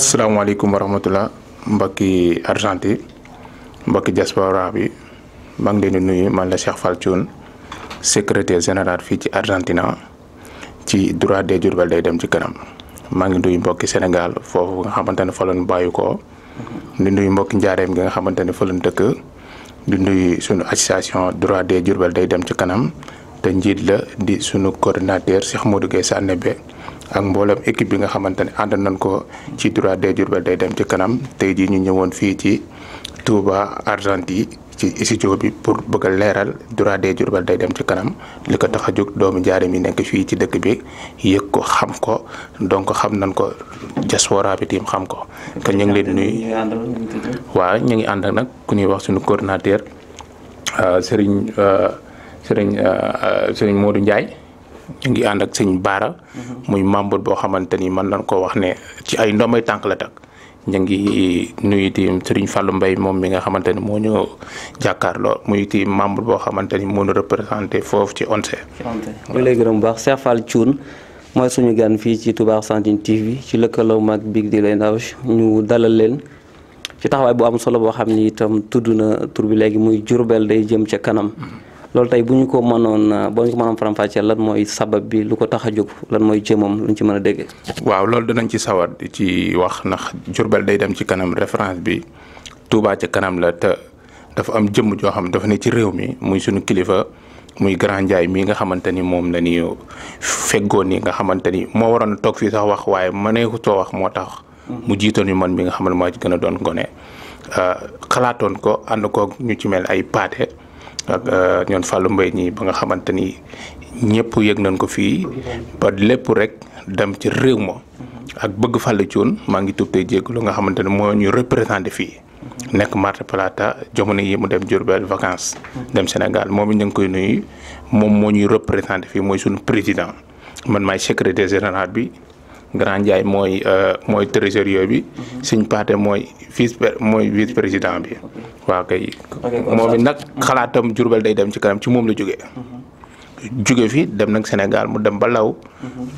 asalaamaaleykum wa rahmatulah mbokki argenti mbokki diaspora bi maa ngi leen di nuyu man la Cheikh Fall Thioune secrétaire général fii ci Argentina ci droit des Diourbel day dem ci kanam maa ngi nuyu mbokki Sénégal foofu nga xamante ne fa bàyyi ko di nuyu mbokki njaareem gi nga xamante ne fa la ñu dëkk di sunu association droit des Diourbel day dem ci kanam te njiit la di sunu coordinateur Cheikh Modou Guèye Sanebe. ak mboolem équipe bi nga xamante ne ànd nañ ko ci 3D Diourbel day dem ci kanam tey jii ñu ñëwoon fii ci Touba Argentine ci studio pour bëgg a leeral 3D Diourbel day dem ci kanam li ko tax a jóg doomu njaareem yi nekk fii ci dëkk bi yëg ko xam ko donc xam nañ ko diaspora bi tim xam ko. kon ñu ngi leen di nuyu waaw ñu ngi ànd nag ku ñuy wax suñu coordinateur euh, Serigne euh, Serigne euh, Serigne Modou Ndiaye. ñu ngi ànd ak sëñ Baara. muy membre boo xamante ni mën nañ koo wax ne ci ay ndoomay tànk la takk ñu ngi nuyu di Serigne Fallou moom mi nga xamante ni moo ñu jàkkaarloo muy ti membre boo xamante ni moo ñu représenté foofu ci ONCE. ñu lay gërëm bu baax Cheikh Fall Thioune mooy suñu gan fii ci Touba Argentine TV ci lëkkaloo mag di Deal Energy ñu dalal leen ci taxawaay boo am solo boo xam ni itam tudd na tur bi léegi muy Jurbel day jëm ca kanam. loolu tey bu ñu ko mënoon boo ñu ko mënoon faram lan mooy sabab bi lu ko tax a jóg lan mooy jëmam luñ ci mën a déggee. waaw loolu danañ ci sawar ci wax ndax Jurbel day dem ci kanam référence bi Touba ci kanam la te dafa am jëm joo xam dafa ne ci réew mi muy suñu kilifa. muy grand Ndiaye mii nga xamante ni moom la ñu feggoon ni nga xamante ni moo waroon toog fii sax wax waaye mënee mëneekutoo wax moo tax. mu jiitoon ñu man mi nga xam ne moo ci gën doon gone. Ah, xalaatoon ko ànd ñu ci mel ay paate Euh, ak ñoon Fallou mbay ñi ba nga xamante ni ñëpp yëg nañ ko fii ba lépp rek dem ci réew ma ak bëgg Fallou Thioune maa ngi tuub tey jégalu nga xamante ne moo ñu représenté fii. nekk Mar palaata jamono yi mu dem Diourbel vacances. dem Sénégal moom it ñu ngi koy nuyu moom moo ñuy représenté fii mooy sunu président man maay des général bi. grand Ndiaye mooy euh, mooy trésorier bi. suñ paate mooy vice mooy vice président bi. waaw kay. moom it nag xalaatam Jurbel day dem ci kanam ci moom la jógee. jóge fi dem nag Sénégal mu dem ba law.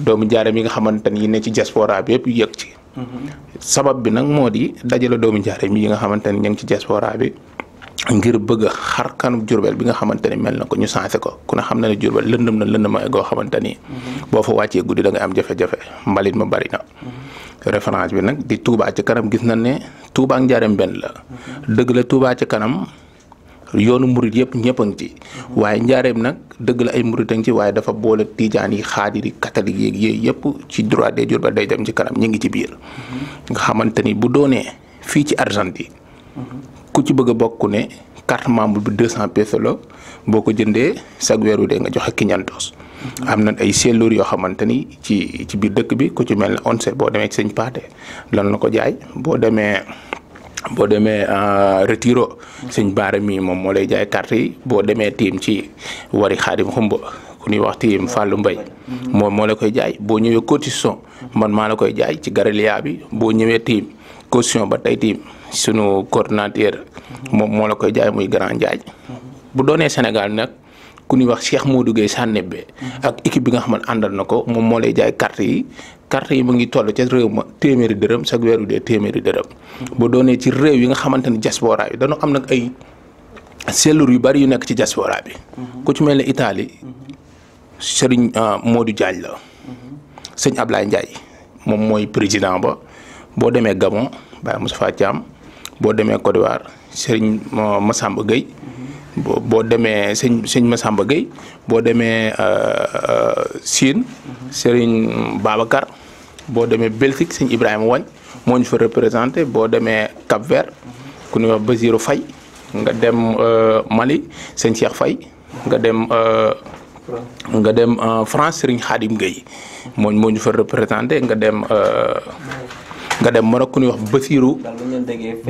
doomu njaareem yi nga xamante ni ne ci diaspora bi yëpp yëg ci. Mhm. sabab bi nag moo di dajale doomu njaareem yi nga xamante ni ñu ngi ci diaspora bi. ngir bëgg xar kanub jurbel bi nga xamante ni mel na ko ñu sance ko ku ne xam na ne jurbel lëndëm na lëndëmaay goo xamante ni. Mhm. boo fa wàccee guddi da am jafe-jafe mbalit ma bari na. Mhm. référence bi nag di Touba ci kanam gis nañ ne Touba ak Njaareem benn la. Mhm. dëgg la Touba ci kanam yoonu murit yëpp ñëpp a ngi ci. waaye Njaareem nag dëgg la ay murit a ci waaye dafa boole tijaan yi xaadir yi catholique yeeg yooyu yëpp ci droit des jurbel day dem ci kanam ñu ngi ci biir. nga xamante ni bu doonee fii ci Argentine ku ci bëgg a bokk ne carte membre bi 200 pesos la boo ko jëndee sag weeru dee nga joxe quinientos am na ay seetluur yoo xamante ni ci ci biir dëkk bi ku ci mel ne onse boo demee ci sëñ Paate lan la ko jaay boo demee boo demee euh, retiro sëñ Baara mii moom moo lay jaay carte yi boo demee tiim ci wari xaadim xumba ku ñuy wax tiim Fallou mbay moom moo la koy jaay boo ñëwee cotisation man maa la koy jaay ci garalia bi boo ñëwee tiim caution ba tey jii sunu coordinateur moom moo la koy jaay muy grand jaaj bu doonee Sénégal nag ku ñuy wax Cheikh Modou Gueye Sanebe ak équipe bi nga xam ne na ko moom moo lay jaay carte yi carte yi mu ngi toll ca réew ma téeméeri dërëm chaque weer wu téeméeri dërëm. bu doonee ci réew yi nga xamante ne diaspora yi dañoo am nag ay cellule yu bari yu nekk ci diaspora bi. ku ci mel ne Italie Serigne euh, Modou Diagne la. sëñ Ablaye Ndiaye moom mooy président ba. boo demee Gabon Baye Moustapha Thiam boo demee Côte d'Ivoire sëriñ Massamba Gueye boo boo demee sëñ sëñ Massamba Gueye boo demee Chine euh, euh, sëriñ Babacar boo demee Belgique sëñ Ibrahima Wagne moo ñu fa représenté boo demee Cap Vert ku ñuy wax Basirou Faye nga dem euh, Mali sëñ Cheikh Faye nga dem nga dem France sëriñ Khadim Gueye moo moo ñu représenté nga dem nga dem Maroc ku nuy wax Basirou.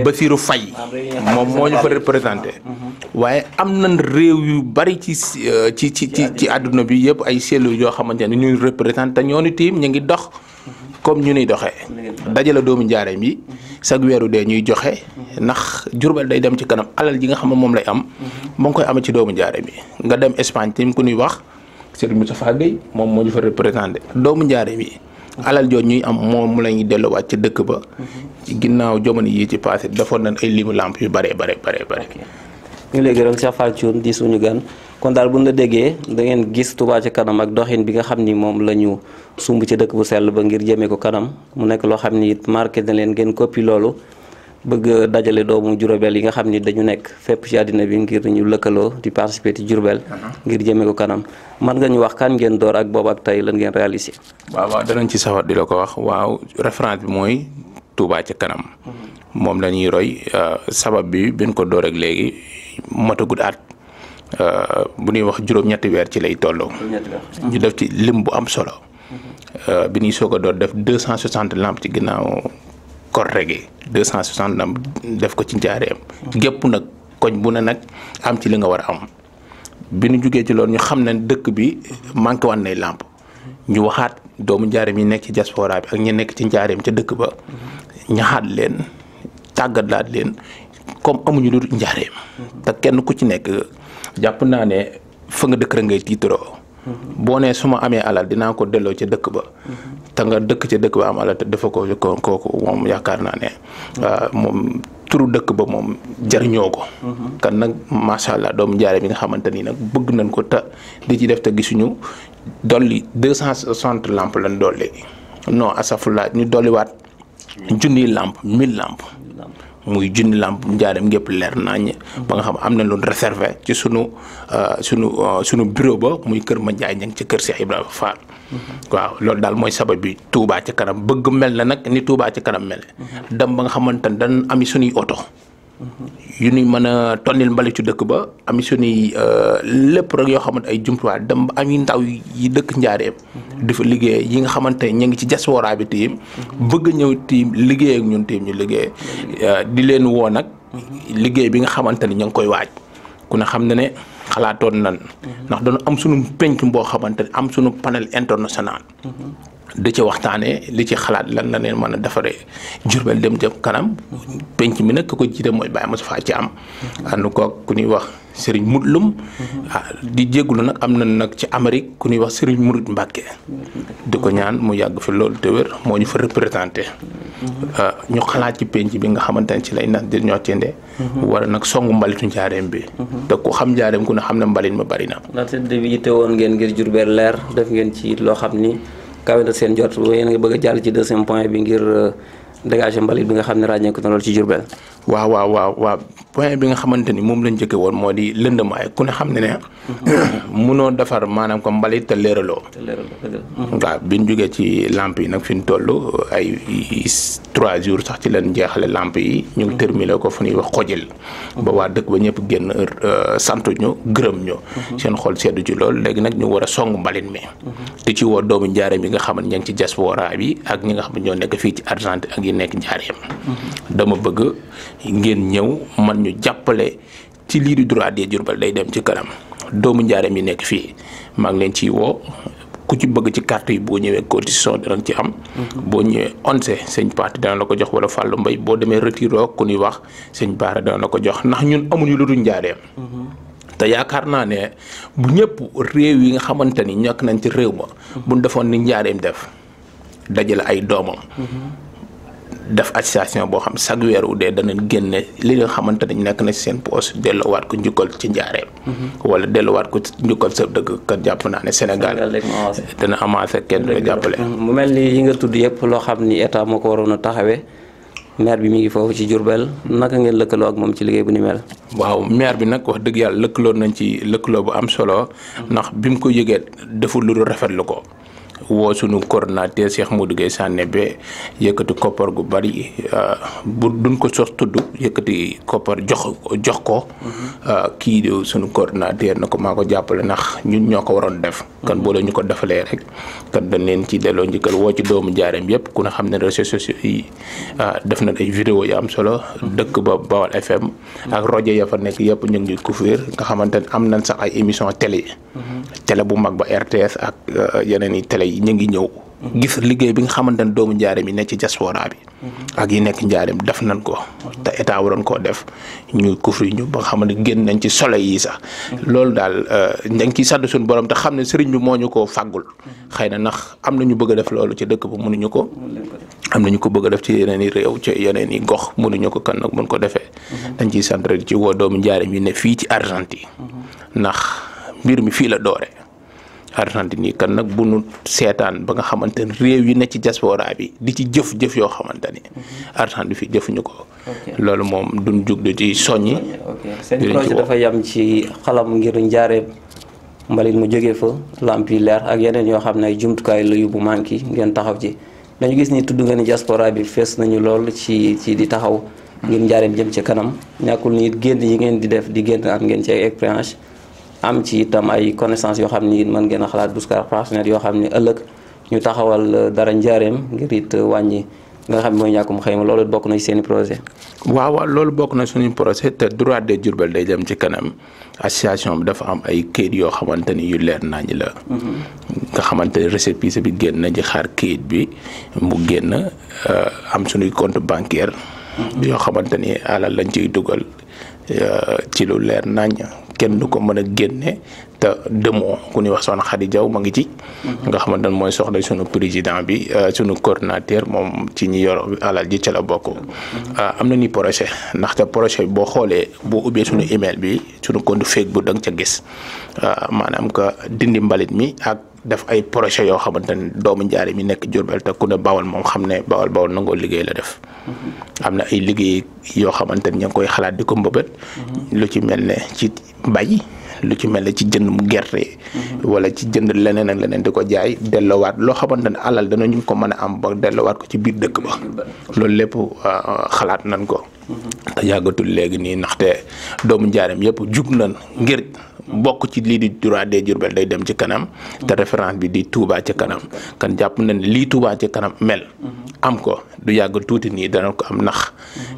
Basirou Faye moom moo ñu fa représenté. waaye am nañ réew yu bari ci euh, ci ci ci ci àdduna bi yëpp ay cellules yoo xamante ne ñuy représenté ñoo ni tiim ñu ngi dox. comme ñu nuy doxee dajale doomu njaareem yi chaque weeru dee ñuy joxe ndax jurbel day dem ci kanam alal ji nga xam ne moom lay am moo ngi koy amee ci doomu njaareem yi nga dem Espagne tim ku nuy wax Serigne Moustapha Gueye moom moo ñu fa représenté doomu njaareem yi alal jooju ñuy am moom mu la ñuy delluwaat ca dëkk ba. ci ginnaaw jomono yi ci passé defoon nañ ay limu làmp yu bare bare bare ñu léegi lay gërëm Cheikh Fall di suñu gan kon daal bu ñu la déggee da ngeen gis Touba ci kanam ak doxin bi nga xam ni moom la ñu sumb ca dëkk bu sell ba ngir jëmee ko kanam mu nekk loo xam ni it marqué na leen ngeen coppi loolu. bëgg dajale doomu Jurbel yi nga xam ni dañu nekk fépp ci àddina bi ngir ñu lëkkaloo di participer ci Jurbel uh-huh. ngir jëmee ko kanam man nga ñu wax kan ngeen door ak boobu ak tey lan geen réaliser. waaw waaw danañ ci sawar di la ko wax waaw référence bi mooy Touba ca kanam. Uh-huh. moom la ñuy roy euh, sabab bi biñ ko door ak léegi matagut at euh, bu nuy wax juróom-ñetti weer ci lay tolloo. ñu def ci lim bu am solo. Uh-huh. Euh, bi ñuy soog a door def deux cent soixante lampes ci ginnaaw. Kortege 260 ndam def ko ci njaareem. gépp nag koñ bu ne nag am ci li nga war a am. bi nu jógee ci lool ñu xam ne dëkk bi manqué wan nay làmp ñu waxaat doomu njaareem yi nekk ci diaspora bi ak ñi nekk ci njaareem ca dëkk ba. ñaxaat leen tàggat laat leen comme amuñu lu njaareem. te kenn ku ci nekk jàpp naa ne fa nga dëkk rek ngay tiitaroo. boo nee su ma amee alal dinaa ko delloo ca dëkk ba. Mhm. te nga dëkk ca dëkk ba am alal te dafa ko kooku moom yaakaar naa ne mhm. ah, moom turu dëkk ba moom jariñoo ko. Mhm. kan nag macha allah doomu jaare mi nga xamante ni nag bëgg nañ ko te di ci def te gisuñu dolli deux cent soixante lamp lañ dolli non asafula ñu dolliwaat junniy lamp mille lamp. muy junni làmp njaareem ngépp leer nañ ba nga xam am na lu reserver ci sunu euh, sunu euh, sunu bureau ba muy kër ma njaay ñang ci kër Cheikh Ibrahima Fall waaw loolu daal mooy sabab bi Touba ci kanam bëgg mel na nag ni Touba ci kanam mel mhm. dem ba nga xamante ne dañ am sunuy oto yu ñuy mën a tonnil mbalit ci dëkk ba ami suñuy euh, lépp rek yoo xamante ay jumtuwaay dem ba am yu ndaw yi dëkk njaareem. di fa liggéey yi nga xamante ñu ngi ci diaspora bi tiim bëgg ñëw tiim liggéey ak ñun tiim ñu liggéey euh, di leen woo nag liggéey bi nga xamante ni ñu ngi koy waaj ku ne xam na ne xalaatoon nan ndax doon am sunu penc boo xamante ne am sunu panel international. di ci waxtaanee li ci xalaat lan la leen mën a defaree Jurbel dem jëm kanam penc mi nag ku ko jiite mooy Baye faa ci am. ànd koog ku ñuy wax Serigne Moutlum. Ah, di jégalu nag am na nag ci Amérique ku ñuy wax sëriñ Mouride mbakke di ko ñaan mu yàgg fi loolu te wér moo ñu fa représenté. Ah, ñu xalaat ci penc bi nga xamante ne ci lay nag ñoo cende. war nag songu mbalitu njaareem bi. te ku xam njaareem ku ne xam ne mbalit ma bari na. ndaxte bi yite woon ngeen ngir Jurbel leer def ngeen ci loo xam ni. kawe na seen jot yéen a ngi bëgg a jàll ci point bi ngir. Euh, dégagé mbalit bi nga xam ne ràññeeku na lool ci Diourbel. waaw waaw waaw waaw point bi nga xamante ni moom lañ jëkkee woon moo di lënd lëndamaay ku ne xam ne ne. Mhm. munoo defar maanaam ko mbalit te leeraloo. te leeraloo mhm. waaw bi ñu jugee ci làmp yi nag fi ñu toll ay trois jours sax ci leen jeexale làmp yi. ñu mhm. ngi ko fu ñuy wax xojil. ba waa dëkk ba ñëpp génn euh, sant ñu gërëm ñu. seen xol seddu ci lool léegi nag ñu war a song mbalit mi. di ci woo doomu njaareem yi nga xam ne ngi ci diaspora bi ak ñi nga xam ñoo nekk fii ci Argentine ak yi nekk njaareem dama bëgg ngeen ñëw man ñu jàppale ci lii di droit des Diourbel day dem ci kanam doomu njaareem yi nekk fii maa ngi leen ciy woo ku ci bëgg ci carte yi boo ñëwee cotisation danañ ci am boo ñëwee onse sëñ parti dana la ko jox wala Fallou Mbaye boo demee retiré ku ñuy wax sëñ Baara dana la ko jox ndax ñun amuñu lu dul njaareem te yaakaar naa ne bu ñëpp réew yi nga xamante ni ñàkk nañ ci réew ma buñ defoon ni njaareem def dajale ay doomam def association boo xam chaque weer wu dee dana génne li nga xamante ne nekk na si seen poche delloowaat ko njukkal ci njaareem. Mhm. wala delloowaat ko njukkal sa dëgg kat jàpp naa ne Sénégal. dana avancé kenn du jàppale. Mhm. mu mel ni yi nga tudd yëpp loo xam ni état moo ko waroon a taxawee maire bi mi ngi foofu ci Diourbel naka ngeen lëkkaloo ak moom ci liggéey bu ni mel. waaw maire bi nag wax dëgg yàlla lëkkaloo nañ ci lëkkaloo bu am solo. Mhm. ndax bi mu ko yëgee deful lu ko. woo sunu coordonnateur Cheikh Modou Gueye Sané ba yëkkati koppar gu bari euh, bu dun ko sos tudd yëkkati koppar jox jox ko. Mhm. Euh, kii sunu coordonnateur na ko maa ko jàppale ndax ñun ñoo ko waroon def. Mhm. kan boo leen ñu ko defalee rek kan dañ leen ci delloo njëkkal woo ci doomu jaareem yëpp ku ne xam ne réseaux sociaux yi euh, def na ay vidéo yu am solo. Mhm. dëkk ba Bawal FM. ak rajo ya fa nekk yëpp ñu ngi ñuy nga xamante ne am nañ sax ay émission télé. télé bu mag ba RTS ak yeneen tey ngi ñëw. gis liggéey bi nga xamante ne doomu njaareem yi nekk ci diaspora bi. ak yi nekk njaareem def nañ ko. te état waroon koo def ñu kufri ñu ba nga xam ne génn nañ ci solo yi sax. loolu daal dañ euh, ciy sant suñu borom te xam ne sëriñ bi moo ñu koo fàggul. xëy na ndax am na ñu bëgg def loolu ci dëkk bi mënuñu ko. am na ko bëgg def ci yeneen i réew ci yeneen i gox mënuñu ko kan nag mun defee. dañ ciy sant rek ci doomu njaareem yi ne fii ci Argentine. ndax mbir mi fii la doore Argentine yi kan nag bu nu seetaan ba nga xamante ne réew yi ne ci diaspora bi di ci jëf jëf yoo xamante ni. Mhm. Argentine bi fii jëfuñu ko. loolu moom duñ jug di ci soññi. seen projet dafa yam ci xalam ngir njaareem mbalit mu jógee fa lamp leer ak yeneen yoo xam ne ay jumtukaay la yu bu manqué ngeen taxaw ci dañu gis ni tudd nga ni diaspora bi fees nañu lool ci ci di taxaw. ngir njaareem jëm ci kanam ñàkkul ni génn yi ngeen di def di génn am ngeen ci am ci itam ay connaissance yoo xam ni it mën ngeen a xalaat bouscar personnel yoo xam ni ëllëg ñu taxawal euh, dara njaareem ngir it euh, wàññi nga xam mooy ñàkkum xëyma loolu bokk na ci seen i projet waaw waaw loolu bokk na suñu projet te droit de Diourbel day dem ci kanam association bi dafa am ay kayit yoo xamante ni yu leer nañu la mm-hmm. nga xamante ni récépissé bi génn nañ ci xaar kayit bi mu génn euh, am suñuy compte bancaire mm-hmm. yoo xamante ni alal lañ ciy dugal ci lu leer nañ kenn du ko mën a génne te demoo ku ñuy wax soxna Khady Diaw ma ngi ci. Mhm. nga xamante ne mooy soxna sunu président bi euh, sunu coordinateur moom ci ñi yor alal ji ca la bokk. Mhm. Euh, am na ni projet ndaxte projet boo xoolee boo ubbee sunu email bi sunu compte Facebook da nga ca gis euh, maanaam que dindi mbalit mi ak. def ay projet yoo xamante ne doomu njaari mi nekk Jurbel te ku ne bawal moom xam ne bawal bawal nangoo liggéey la def. Mhm. am na ay liggéey yoo xamante ne ña ngi koy xalaat di ko mbëbët. Mhm. lu ci mel ne ci mbay lu ci mel ne ci jëndum gerte. Mhm. wala ci jënd leneen ak leneen di ko jaay delloowaat loo xamante ne alal danañu ko mën a am ba delloowaat ko ci biir dëkk ba. loolu lépp euh, xalaat nañ ko. te yàggatul léegi nii ndaxte doomu njaaram yëpp jug nañ ngir. bokk ci lii di droit des Diourbel day dem ci kanam te référence bi di Touba ci kanam kan jàpp na ne lii Touba ci kanam mel am ko du yàgg tuuti nii dana ko am nax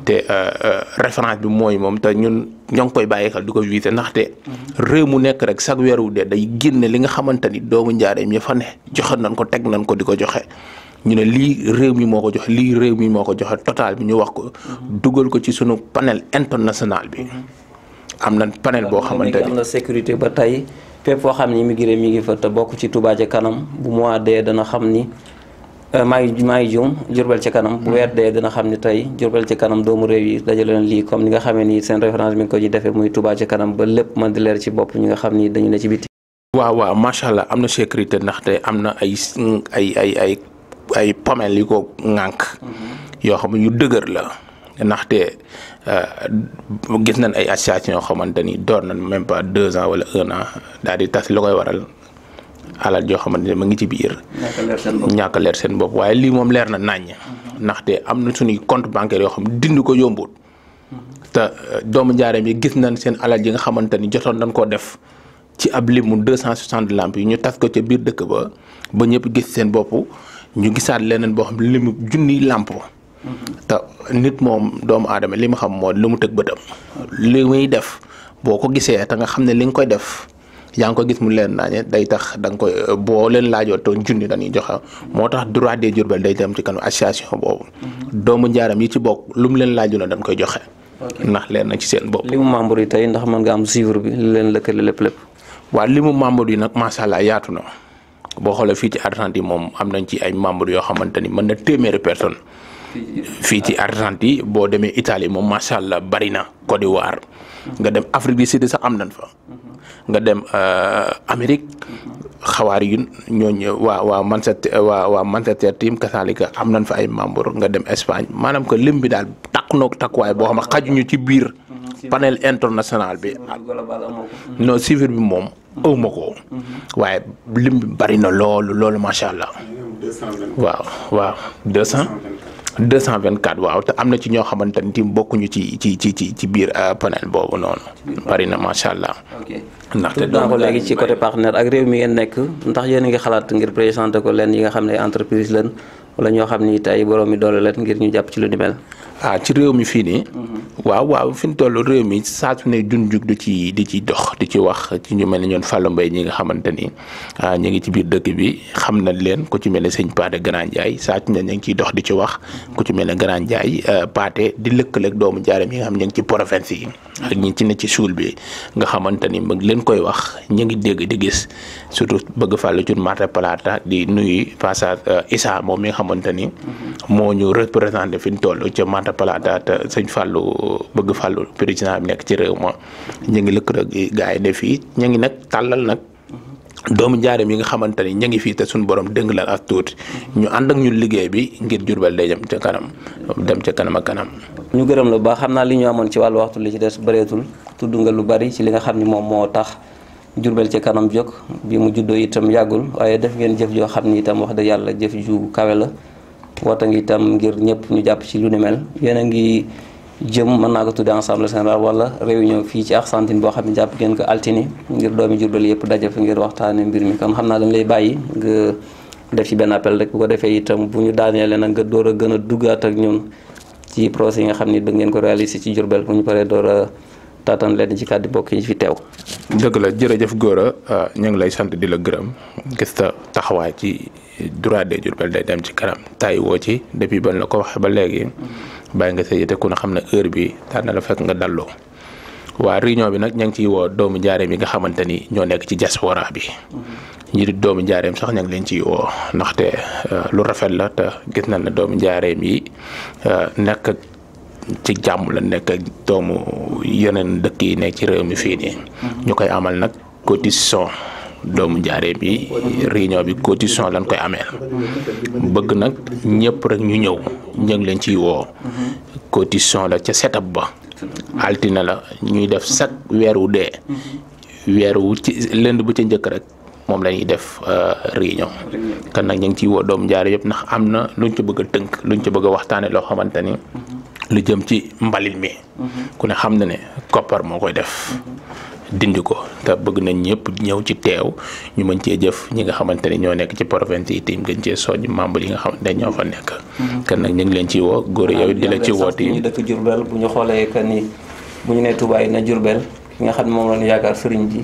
te euh, euh, référence bi mooy moom te ñun ñoo ngi koy bàyyi xel ko visé ndaxte réew mu nekk rek chaque weer wu dee day génne li nga xamante ni doomu njaareem yi fa ne nañ ko teg nañ ko di ko joxe ñu ne lii réew mi moo ko joxe lii réew mi moo ko joxe total bi ñu wax ko dugal ko ci sunu panel international bi am na panel boo xamante ni am sécurité ba tey fépp foo xam ni immigré mi ngi fa te bokk ci Touba ca kanam bu mois dee dana xam ni euh, maa ngi maa ngi juum Jurbel ci kanam bu weer dee dana xam ni tey Jurbel ci kanam doomu réew yi dajale leen lii comme ni nga xamee ni seen référence mi ngi ko ñu defee muy Touba ci kanam ba lépp mën di leer ci bopp ñi nga xam ni dañu ne ci biti waaw waaw macha allah am na sécurité ndaxte am na ay ay ay ay ay pomel yu ko ŋànk mm-hmm. yoo xam ne yu dëgër la Euh, gis nan ay association yoo xamante ni door nañ même pas deux ans wala un an daal di tas la koy waral alal joo xamante ne mu ngi ci biir. ñàkk leer seen bopp waaye lii moom leer na naññ. Mhm. ndaxte am na suñuy compte bancaire yoo xam dindi ko yombut. Mhm. te euh, doomu njaareem yi gis nañ seen alal yi nga xamante ni jotoon nañ koo def ci ab limu deux cent soixante lamp yi ñu tas ko ca biir dëkk ba ba ñëpp gis seen bopp ñu gisaat leneen boo xam limu junniy làmp te nit moom doomu aadama li mu xam moo lu mu tëg bëtam li muy def boo ko gisee te nga xam ne li nga koy def yaa ngi ko gis mu leen naañe day tax da nga koy boo leen laajoo toon junni dañuy joxe moo tax droit des Diourbel day dem ci kanam association boobu mhm. doomu njaaram yi ci bokk lu mu leen laaju na dañ koy joxe ndax leen na ci seen bopp li mu membre yi tey ndax mën nga am suivre bi leen lëkkale lépp lépp waaw li mu membre yi nag macha allah yaatu na boo xoolee fii ci Argentine moom am nañ ci ay membre yoo xamante ni man na téeméeri personne fii ci Argentine boo demee Italie moom macha allah bari na Côte d'Ivoire nga dem Afrique bi Sud sax am nañ fa. nga dem euh, Amérique xawaar yu ñooñu waa waa Manchester waa waa Manchester team kasaalika am nañ fa ay membre nga dem Espagne maanaam que lim bi daal takku noog takkuwaay boo xam ne ñu ci biir. panel international bi non civil bi moom aw ma ko waaye lim bi na loolu loolu macha allah waaw 224 waaw te am na ci ñoo xamante ni tamit bokkuñu ci ci ci ci ci biir euh, panel boobu noonu. bari na macha allah. ndax doon ko léegi ci côté partenaire ak réew mi ngeen nekk ndax yéen a ngi xalaat ngir présenté ko leen yi nga xam ne entreprise leen wala ñoo xam ni tey borom mi doole leen ngir ñu jàpp ci lu ni mel. Ah, ci réew mi fii nii. Mm-hmm. waaw waaw fi ñu toll réew mi saa ne jun di ci di ci dox di ci wax ci ñu mel ne ñoon Fallou mbay ñi nga xamante ni ah, ñu ngi ci biir dëkk bi xam nañ leen ku ci mel ne sëñ Paate Grand Ndiaye saa ne ñu ngi ciy dox di ci wax ku ci mel ne Grand Ndiaye ah, Paate di lëkk lëkkaleeg doomu jaaram yi nga xam ñu ngi ci province yi. ak ñi ci ne ci suul bi nga xamante ni mu leen koy wax ñu ngi dégg di gis surtout bëgg fàllu ci Mar palaata di nuyu passage euh, Issa moom mi nga xamante ni moo ñu représenté fi ñu toll ca Mar te sëñ fàllu bëgg fàllu président bi nekk ci réew ma ñu ngi lëkkaloo ak gars yi def fii ñu ngi nag tàllal nag. doomu njaareem yi nga xamante ni ña ngi fii te suñu borom dëng leen ak tuuti ñu ànd ak ñun liggéey bi ngir Jurbel day dem ca kanam dem ca kanam ak kanam. ñu gërëm la ba xam naa li ñu amoon ci wàllu waxtu li ci des bëreetul tudd nga lu bari ci li nga xam ni moom moo tax Jurbel ca kanam jóg bi mu juddoo itam yàggul waaye def ngeen jëf joo xam ni itam wax dëgg yàlla jëf ju kawe la woote ngi itam ngir ñëpp ñu jàpp ci lu ni mel yéen ngi. jëm mën naa ko tuddee ensemble général wala réunion fii ci Argentine boo xam ne jàpp ngeen ko altine ngir doomi Jurbel yëpp daje fa ngir waxtaane mbir mi kon xam naa dañ lay bàyyi nga def ci benn appel rek bu ko defee itam bu ñu daaneele nag nga door a gën a duggaat ak ñun ci projet yi nga xam ne bëgg ngeen ko réaliser ci Jurbel bu ñu paree door a taataan leen ci kàddu bokk yi fi teew. dëgg la jërëjëf Gora ah, ñu ngi lay sant di la gërëm gis taxawaay ci droit de Jurbel day dem ci kanam taay woo ci depuis ba la ko waxee ba léegi. bàyyi nga sa yite ku ne xam ne heure bi daan na la fekk nga dalloo waa réunion bi nag ña ngi ciy woo doomu njaareem yi nga xamante ni ñoo nekk ci diaspora bi mm-hmm. ñi di doomu njaareem sax ña ngi leen ciy woo ndaxte euh, lu rafet la te gis nañ ne doomu njaareem yi euh, nekk ci jàmm la nekk ak doomu yeneen dëkk yi nekk ci réew mi fii nii mm-hmm. ñu koy amal nag cotisation doomu njaareem yi réunion bi cotisation lañ koy amee bëgg nag ñëpp rek ñu ñëw ñu ngi leen ciy woo cotisation la ca setab ba altine la ñuy def chaque weer wu dee weer wu ci lënd bu ca njëkk rek moom la ñuy def euh, réunion kan nag ñu ngi ciy woo doomu njaare yëpp ndax am na luñ ci bëgg a tënk luñ ci bëgg a waxtaane loo xamante ni lu jëm ci mbalit mi ku ne xam na ne koppar moo koy def dindi ko te bëgg nañ ñëpp ñëw ci teew ñu mën cee jëf ñi nga xamante ne ñoo nekk ci province yi tim gën cee soññ membre yi nga xamante ne ñoo fa nekk. Mhm. kan nag ñu ngi leen ciy woo góor yow di la ci woote yi dëkk Jurbel bu ñu xoolee que ni ñu nee Touba yi na Jurbel ki nga xam ne moom la ñu yaakaar sëriñ bi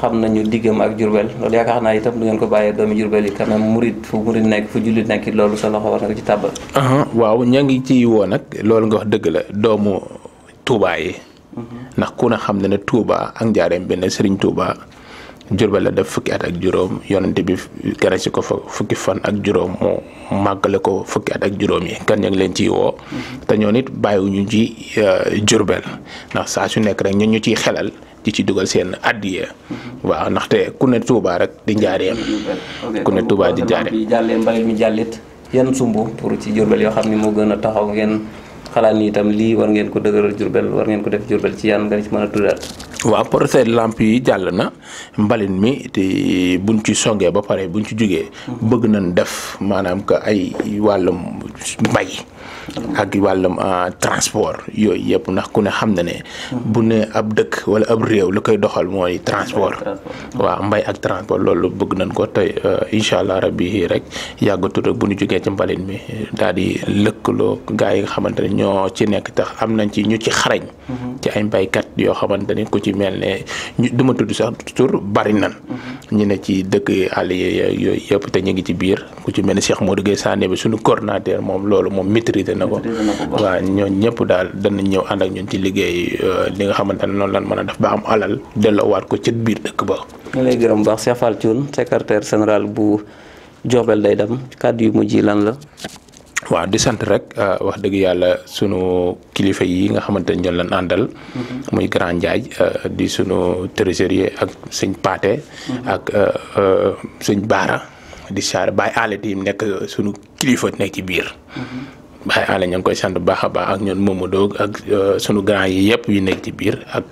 xam nañu diggam ak Jurbel loolu yaakaar naa itam du ngeen ko bàyyee doomi Jurbel yi quand même murit fu murit nekk fu jullit nekk loolu sa loxo war na ko ci tàbbal. waaw ña ngi ciy woo nag loolu nga wax dëgg la doomu Touba yi ndax ku ne xam ne ne Touba ak njaareem benn Serigne Touba Jurbel la def fukki at ak juróom yonente bi gane si ko fa fukki fan ak juróom moo màggale ko fukki at ak juróom yi kan ñu leen ciy woo. te nit bàyyiwuñu ci euh, Jurbel ndax saa su nekk rek ñun ñu ciy xelal di ci dugal seen addiya. waaw ndaxte ku ne Touba rek di njaareem. ku ne Touba di njaareem. jàllee mbay mi jàllit yan sumb pour ci Jurbel yoo xam ni moo gën a taxaw ngeen. xalaat ni itam lii war ngeen ko dëgëral Jurbel war ngeen ko def Jurbel ci yan nga ci mën a tuddaat waaw projet làmp yi jàll na mbalin mi te buñ ci songee ba pare bu buñ ci jógee bëgg nañ def maanaam que ay wàllum mbay ak wàllum ah, transport yooyu yëpp ndax ku ne xam na ne bu ne ab dëkk wala ab réew li koy doxal mooy transport waaw mbay ak transport loolu bëgg nañ ko tey euh, incha allah rabbi rek yàggatul rek bu ñu jógee ci mbalin mi daal di lëkkaloo gaa yi nga xamante ne ñoo ci nekk tax am nañ ci ñu ci xarañ mm-hmm. ci ay mbaykat yoo xamante ku ci ci mel ne duma tudd sax tur bari nan mm-hmm. ñu ne ci dëkk àll yooyu yëpp te ñu ngi ci biir ku ci mel ne Cheikh moo Gueye Sané bi suñu coordinateur moom loolu moom maîtriser na ko waaw ñooñu ñëpp daal danañ ñëw ànd ak ñun ci liggéey euh, li nga xamante ne noonu lan mën a def ba am alal delloowaat ko ci biir dëkk ba ñu lay gërëm baax Cheikh fal Thioune secrétaire général bu Diourbel day dem kàddu yu mujj lan la waaw di sant rek euh, wax dëgg yàlla sunu kilifa yi nga xamante ne ñoo leen àndal. Mm-hmm. muy grand Ndiaye euh, di sunu trésorier ak sëñ Paate. Mm-hmm. ak euh, sëñ Baara di saar baay Allé di nekk sunu kilifa nekk ci biir. Mm-hmm. Baye Allé ñoo ngi koy sant bu baax a baax ak ñoom Momadou ak sunu grand yi yëpp yu nekk ci biir ak.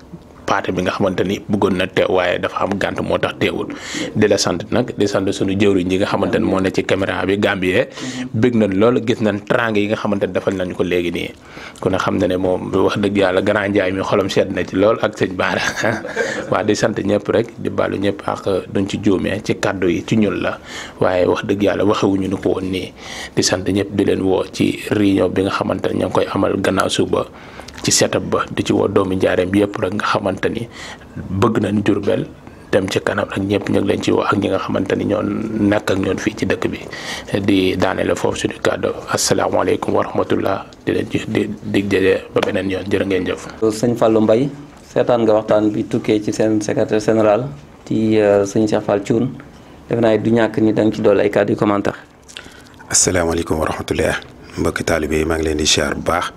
paate bi nga xamante ni bëggoon na teew waaye dafa am gànt moo tax teewul di la sant nag di sant sunu jëwriñ yi nga xamante ni moo ne ci caméra bi Gambie bëgg nañ loolu gis nañ trang yi nga xamante ni defal nañ ko léegi nii ku ne xam na ne moom wax dëgg yàlla grand Ndiaye mi xolam sedd na ci lool ak sëñ Baara waa di sant ñëpp rek di baalu ñëpp ak duñ ci juumee ci kàddu yi ci ñun la waaye wax dëgg yàlla waxewuñu ni ko woon nii di sant ñëpp di leen woo ci réunion bi nga xamante ne ña ngi koy amal gannaaw suuba ci seetab ba di ci woo doomi njaareem yëpp rek nga xamante ni bëgg nañu Jurbel dem ci kanam rek ñëpp ñu ngi leen ci woo ak ñi nga xamante ni ñoo nekk ak ñoon fii ci dëkk bi di daanele foofu suñu kàddu asalaamaaleykum wa rahmatullah di leen ci di dig jëlee ba beneen yoon jërë ngeen jëf. sëñ Fallou Mbaye seetaan nga waxtaan bi tukkee ci seen secrétaire général ci euh, sëñ Cheikh Fall du ñàkk ni da ci dool ay kàddu yu commentaire. asalaamaaleykum wa maa ngi leen di ziar bu baax.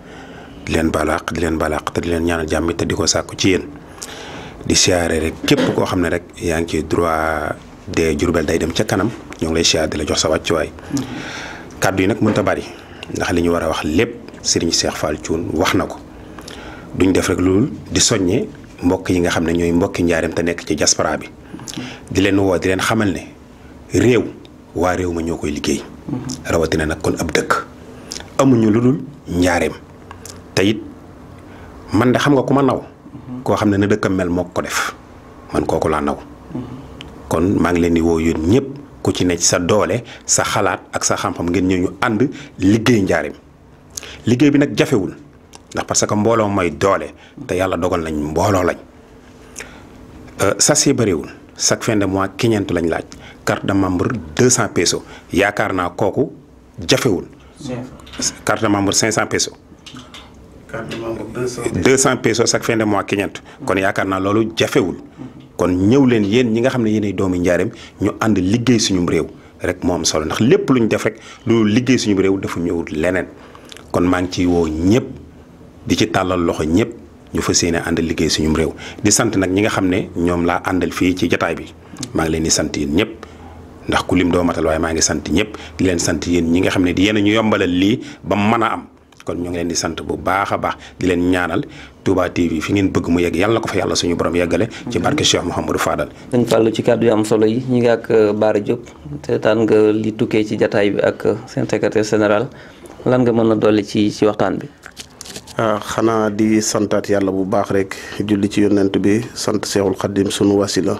di leen balaax di leen balaax te di leen ñaanal jàmm te di ko sàkku ci yéen di siyaare rek képp koo xam ne rek yaa ngi ci droit de Diourbel day dem ca kanam ñoo ngi lay siyaare di la jox sa waay kàddu yi nag mënut a bari ndax li ñu war a wax lépp Serigne Cheikh Fall Thioune wax na ko duñ def rek loolu di soññe mbokk yi nga xam ne ñooy mbokki njaareem te nekk ci diaspora bi di leen woo di leen xamal ne réew waa réew ma ñoo koy liggéey rawatina nag kon ab dëkk amuñu lu dul te it man de xam nga ku ma naw. Mhm. koo xam ne na dëkkam mel moo ko def man kooku laa naw. Mhm. kon maa ngi leen di woo yéen ñëpp ku ci ne ci sa doole sa xalaat ak sa xam-xam ngeen ñëw ñu ànd liggéey njaarim liggéey bi nag jafewul ndax parce que mbooloo mooy doole te yàlla dogal nañ mbooloo lañ euh, sas yi bëriwul chaque fin de mois kiñent lañ laaj carte de membre 200 pesos yaakaar naa kooku jafewul. carte de membre 500 pesos. deux cent pesos chaque fin de mois keñent kon yaakaar naa loolu jafewul kon ñëw leen yéen ñi nga xam ne yéenay doomi njaareem ñu ànd liggéey suñu réew rek moo solo ndax lépp lu ñu def lu liggéey suñu réew dafa ñëwut leneen kon maa ngi ciy woo ñëpp di ci tàllal loxo ñëpp ñu fas yéene ànd liggéey suñu réew di sant nag ñi nga xam ne ñoom laa àndal fii ci jataay bi maa ngi leen di sant yéen ñëpp ndax ku lim doo matal waaye maa ngi sant ñëpp leen sant yéen ñi nga xam ne di yéen ñu yombalal lii ba mën a am kon ñu ngi leen di sant bu baax a baax di leen ñaanal Touba TV fi ngeen bëgg mu yegg yàlla ko fa yàlla suñu borom yeggale. ci mm-hmm. barke Cheikh Mouhamadou Fadal. dañ ci kàddu am solo yi ñu ngi ak euh, Bara Diop seetaan nga li tukkee ci jataay bi ak euh, seen secrétaire général lan nga mën a dolli ci ci waxtaan bi. Ah, xanaa di santaat yàlla bu baax rek julli ci yonent bi sant Seexul Xaddim sunu wasila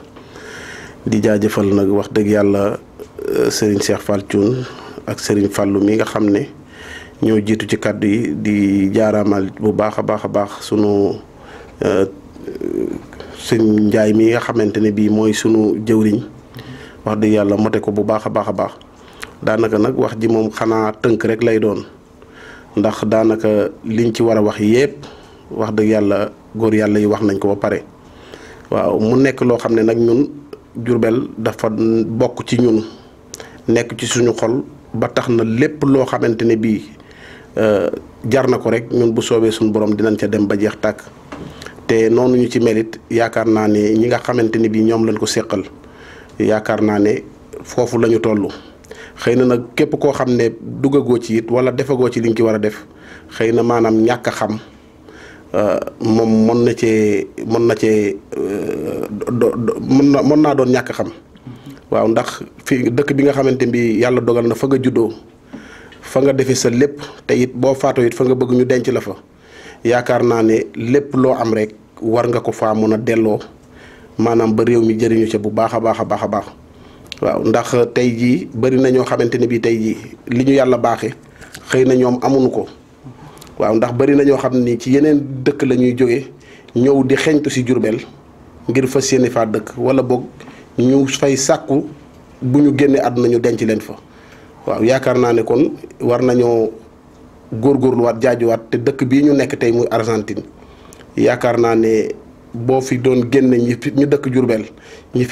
di jaajëfal nag wax dëgg yàlla euh, Serigne Cheikh Fall Thioune ak sëriñ Fallou mi nga xam ne. ñoo jiitu ci kàddu yi di jaaraamal bu baax a baax a baax sunu euh, sëñ njaay mi nga xamante ne bii mooy sunu jëwriñ wax dëgg yàlla mote ko bu baax a baax a baax daanaka nag wax ji moom xanaa tënk rek lay doon ndax daanaka liñ ci war a wax yépp wax dëgg yàlla góor yàlla yi wax nañ ko pare waaw mu nekk loo xam ne nag ñun Jurbel dafa bokk ci ñun nekk ci suñu xol ba tax na lépp loo xamante ne bii Euh, jar na ko rek ñun bu soobee suñu borom dinañ ca dem ba jeex tàkk te noonu ñu ci melit yaakaar naa ne ñi nga xamante ni bii ñoom lañ ko seqal yaakaar naa ne foofu la ñu toll. xëy na nag képp koo xam ne duggagoo ci it wala defagoo ci li nga ci war a def xëy na maanaam ñàkk xam euh, moom mën na cee mën na cee euh, do mën na mën naa doon ñàkk xam waaw ndax fi dëkk bi nga xamante bi yàlla dogal na fa a juddoo. fa nga defe sa lépp te boo faatoo fa nga bëgg ñu denc la fa yaakaar naa ne lépp loo am rek war nga ko faa mun a delloo maanaam ba réew mi jëriñu ca bu baax a baax a baax a baax waaw ndax tey jii bari na ñoo xamante ne bii tey jii li ñu yàlla baaxe xëy na ñoom amuñu ko waaw ndax bari na ñoo xam ni ci yeneen dëkk lañuy jóge ñëw di xeeñtu si Jurbel ngir fa yéene faa dëkk wala boog ñu fay sàkku bu ñu génnee àdduna ñu denc leen fa. waaw yaakaar naa ne kon war nañoo góor góorluwaat jaajuwaat te dëkk bii ñu nekk tey muy Argentine yaakaar naa ne boo fi doon génne ñi ñu dëkk Jurbel ñi